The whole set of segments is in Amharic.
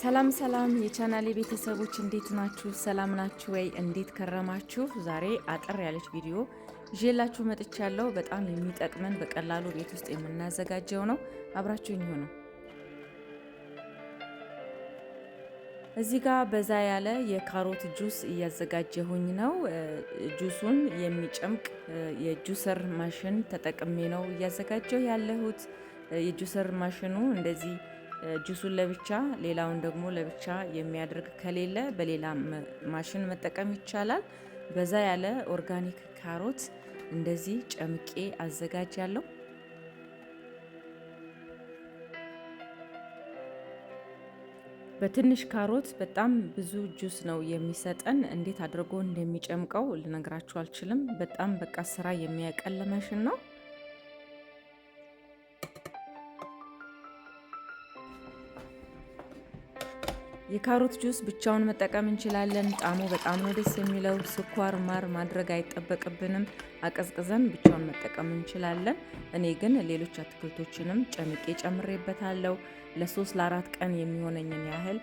ሰላም ሰላም የቻናሌ ቤተሰቦች እንዴት ናችሁ? ሰላም ናችሁ ወይ? እንዴት ከረማችሁ? ዛሬ አጠር ያለች ቪዲዮ ይዤላችሁ መጥቻለሁ። በጣም የሚጠቅመን በቀላሉ ቤት ውስጥ የምናዘጋጀው ነው። አብራችሁኝ ሁኑ። እዚህ ጋር በዛ ያለ የካሮት ጁስ እያዘጋጀሁኝ ነው። ጁሱን የሚጨምቅ የጁሰር ማሽን ተጠቅሜ ነው እያዘጋጀሁ ያለሁት። የጁሰር ማሽኑ እንደዚህ ጁሱን ለብቻ ሌላውን ደግሞ ለብቻ የሚያደርግ ከሌለ በሌላ ማሽን መጠቀም ይቻላል። በዛ ያለ ኦርጋኒክ ካሮት እንደዚህ ጨምቄ አዘጋጅ ያለው በትንሽ ካሮት በጣም ብዙ ጁስ ነው የሚሰጠን። እንዴት አድርጎ እንደሚጨምቀው ልነግራችሁ አልችልም። በጣም በቃ ስራ የሚያቀል ማሽን ነው። የካሮት ጁስ ብቻውን መጠቀም እንችላለን። ጣዕሙ በጣም ነው ደስ የሚለው። ስኳር ማር ማድረግ አይጠበቅብንም። አቀዝቅዘን ብቻውን መጠቀም እንችላለን። እኔ ግን ሌሎች አትክልቶችንም ጨምቄ ጨምሬበታለሁ። ለሶስት ለአራት ቀን የሚሆነኝን ያህል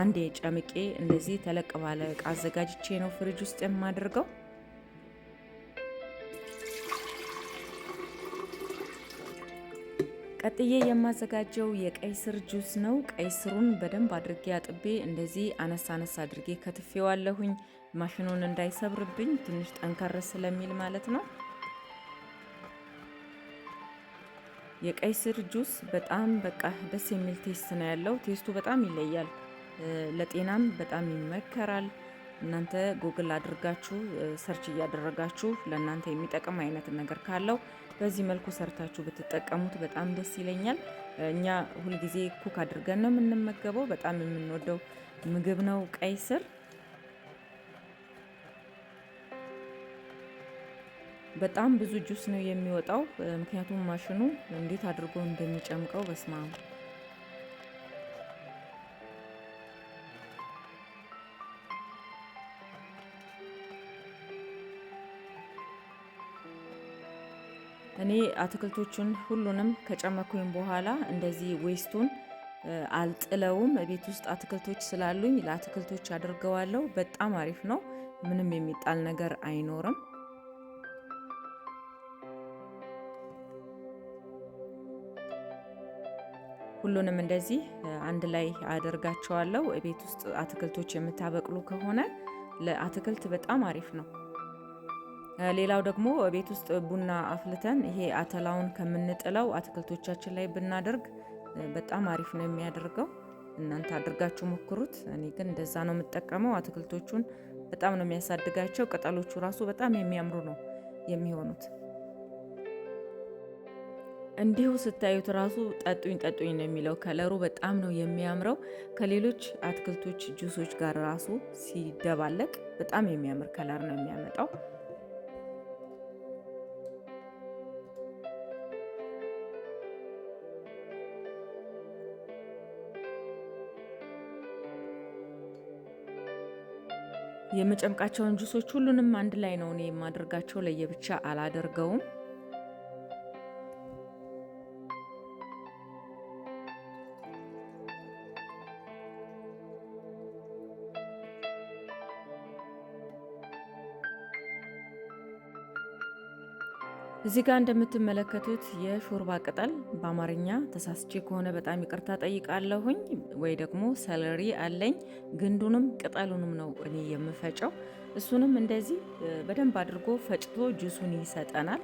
አንድ ጨምቄ እንደዚህ ተለቅ ባለ እቃ አዘጋጅቼ ነው ፍሪጅ ውስጥ የማደርገው። ቀጥዬ የማዘጋጀው የቀይ ስር ጁስ ነው። ቀይ ስሩን በደንብ አድርጌ አጥቤ እንደዚህ አነስ አነስ አድርጌ ከትፌዋለሁኝ። ማሽኑን እንዳይሰብርብኝ ትንሽ ጠንከር ስለሚል ማለት ነው። የቀይ ስር ጁስ በጣም በቃ ደስ የሚል ቴስት ነው ያለው። ቴስቱ በጣም ይለያል። ለጤናም በጣም ይመከራል። እናንተ ጉግል አድርጋችሁ ሰርች እያደረጋችሁ ለእናንተ የሚጠቅም አይነት ነገር ካለው በዚህ መልኩ ሰርታችሁ ብትጠቀሙት በጣም ደስ ይለኛል። እኛ ሁልጊዜ ኩክ አድርገን ነው የምንመገበው። በጣም የምንወደው ምግብ ነው ቀይ ስር። በጣም ብዙ ጁስ ነው የሚወጣው፣ ምክንያቱም ማሽኑ እንዴት አድርጎ እንደሚጨምቀው በስማ እኔ አትክልቶቹን ሁሉንም ከጨመኩኝ በኋላ እንደዚህ ዌስቱን አልጥለውም። ቤት ውስጥ አትክልቶች ስላሉኝ ለአትክልቶች አድርገዋለሁ። በጣም አሪፍ ነው። ምንም የሚጣል ነገር አይኖርም። ሁሉንም እንደዚህ አንድ ላይ አደርጋቸዋለሁ። ቤት ውስጥ አትክልቶች የምታበቅሉ ከሆነ ለአትክልት በጣም አሪፍ ነው። ሌላው ደግሞ ቤት ውስጥ ቡና አፍልተን ይሄ አተላውን ከምንጥለው አትክልቶቻችን ላይ ብናደርግ በጣም አሪፍ ነው የሚያደርገው። እናንተ አድርጋችሁ ሞክሩት። እኔ ግን እንደዛ ነው የምጠቀመው። አትክልቶቹን በጣም ነው የሚያሳድጋቸው። ቅጠሎቹ ራሱ በጣም የሚያምሩ ነው የሚሆኑት። እንዲሁ ስታዩት ራሱ ጠጡኝ ጠጡኝ ነው የሚለው። ከለሩ በጣም ነው የሚያምረው። ከሌሎች አትክልቶች ጁሶች ጋር ራሱ ሲደባለቅ በጣም የሚያምር ከለር ነው የሚያመጣው። የምጨምቃቸውን ጁሶች ሁሉንም አንድ ላይ ነው እኔ የማደርጋቸው፣ ለየብቻ አላደርገውም። እዚህ ጋር እንደምትመለከቱት የሾርባ ቅጠል በአማርኛ ተሳስቼ ከሆነ በጣም ይቅርታ ጠይቃለሁኝ። ወይ ደግሞ ሰለሪ አለኝ፣ ግንዱንም ቅጠሉንም ነው እኔ የምፈጨው። እሱንም እንደዚህ በደንብ አድርጎ ፈጭቶ ጁሱን ይሰጠናል።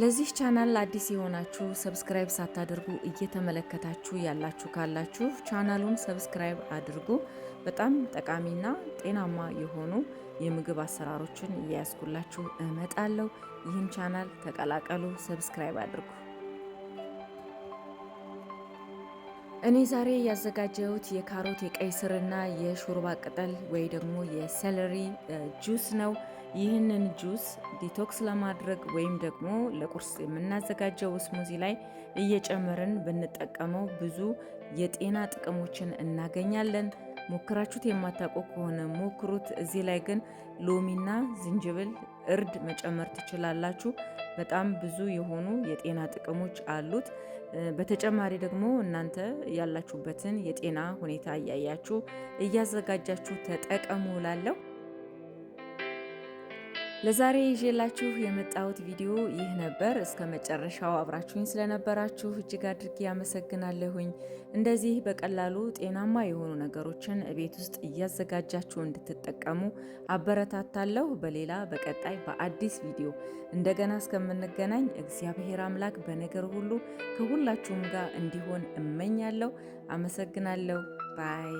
ለዚህ ቻናል አዲስ የሆናችሁ ሰብስክራይብ ሳታደርጉ እየተመለከታችሁ ያላችሁ ካላችሁ ቻናሉን ሰብስክራይብ አድርጉ። በጣም ጠቃሚና ጤናማ የሆኑ የምግብ አሰራሮችን እያያስኩላችሁ እመጣለሁ። ይህን ቻናል ተቀላቀሉ፣ ሰብስክራይብ አድርጉ። እኔ ዛሬ ያዘጋጀሁት የካሮት የቀይ ስርና የሾርባ ቅጠል ወይ ደግሞ የሰለሪ ጁስ ነው። ይህንን ጁስ ዲቶክስ ለማድረግ ወይም ደግሞ ለቁርስ የምናዘጋጀው ስሙዚ ላይ እየጨመርን ብንጠቀመው ብዙ የጤና ጥቅሞችን እናገኛለን። ሞክራችሁት የማታውቁ ከሆነ ሞክሩት። እዚህ ላይ ግን ሎሚና ዝንጅብል፣ እርድ መጨመር ትችላላችሁ። በጣም ብዙ የሆኑ የጤና ጥቅሞች አሉት። በተጨማሪ ደግሞ እናንተ ያላችሁበትን የጤና ሁኔታ እያያችሁ እያዘጋጃችሁ ተጠቀሙ ለዛሬ ይዤላችሁ የመጣሁት ቪዲዮ ይህ ነበር። እስከ መጨረሻው አብራችሁኝ ስለነበራችሁ እጅግ አድርጌ ያመሰግናለሁኝ። እንደዚህ በቀላሉ ጤናማ የሆኑ ነገሮችን ቤት ውስጥ እያዘጋጃችሁ እንድትጠቀሙ አበረታታለሁ። በሌላ በቀጣይ በአዲስ ቪዲዮ እንደገና እስከምንገናኝ እግዚአብሔር አምላክ በነገር ሁሉ ከሁላችሁም ጋር እንዲሆን እመኛለሁ። አመሰግናለሁ። ባይ